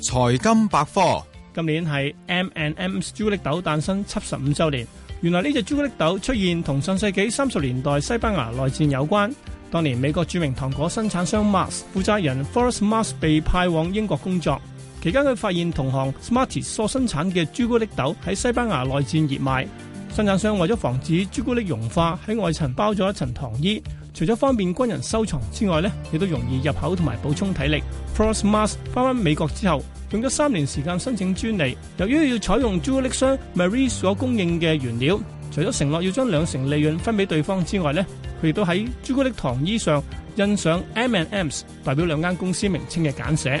財金百科，今年係 M&M's 朱古力豆誕生七十五周年。原來呢隻朱古力豆出現同上世紀三十年代西班牙內戰有關。當年美國著名糖果生產商 Mars 負責人 Forrest Mars 被派往英國工作，期間佢發現同行 Smarties 所生產嘅朱古力豆喺西班牙內戰熱賣。生產商為咗防止朱古力融化，喺外層包咗一層糖衣，除咗方便軍人收藏之外呢，亦都容易入口同埋補充體力。Forrest Mars 翻返美國之後，用咗三年時間申請專利。由於要採用朱古力商 Marie 所供應嘅原料，除咗承諾要將兩成利潤分俾對方之外呢，佢亦都喺朱古力糖衣上印上 M and M's，代表兩間公司名稱嘅簡寫。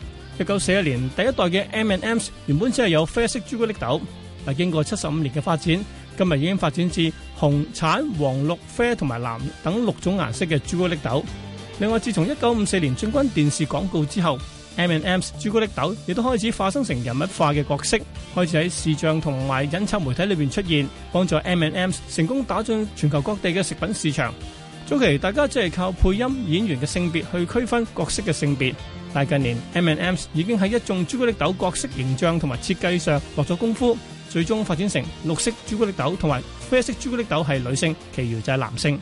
一九四一年，第一代嘅 M and M s 原本只係有啡色朱古力豆。嗱，經過七十五年嘅發展，今日已經發展至紅、橙、黃、綠、啡同埋藍等六種顏色嘅朱古力豆。另外，自從一九五四年進軍電視廣告之後，M and M s 朱古力豆亦都開始化身成人物化嘅角色，開始喺視像同埋印刷媒體裏邊出現，幫助 M and M s 成功打進全球各地嘅食品市場。早期大家只係靠配音演員嘅性別去區分角色嘅性別。但近年，M&M's 已經喺一眾朱古力豆角色形象同埋設計上落咗功夫，最終發展成綠色朱古力豆同埋啡色朱古力豆係女性，其餘就係男性。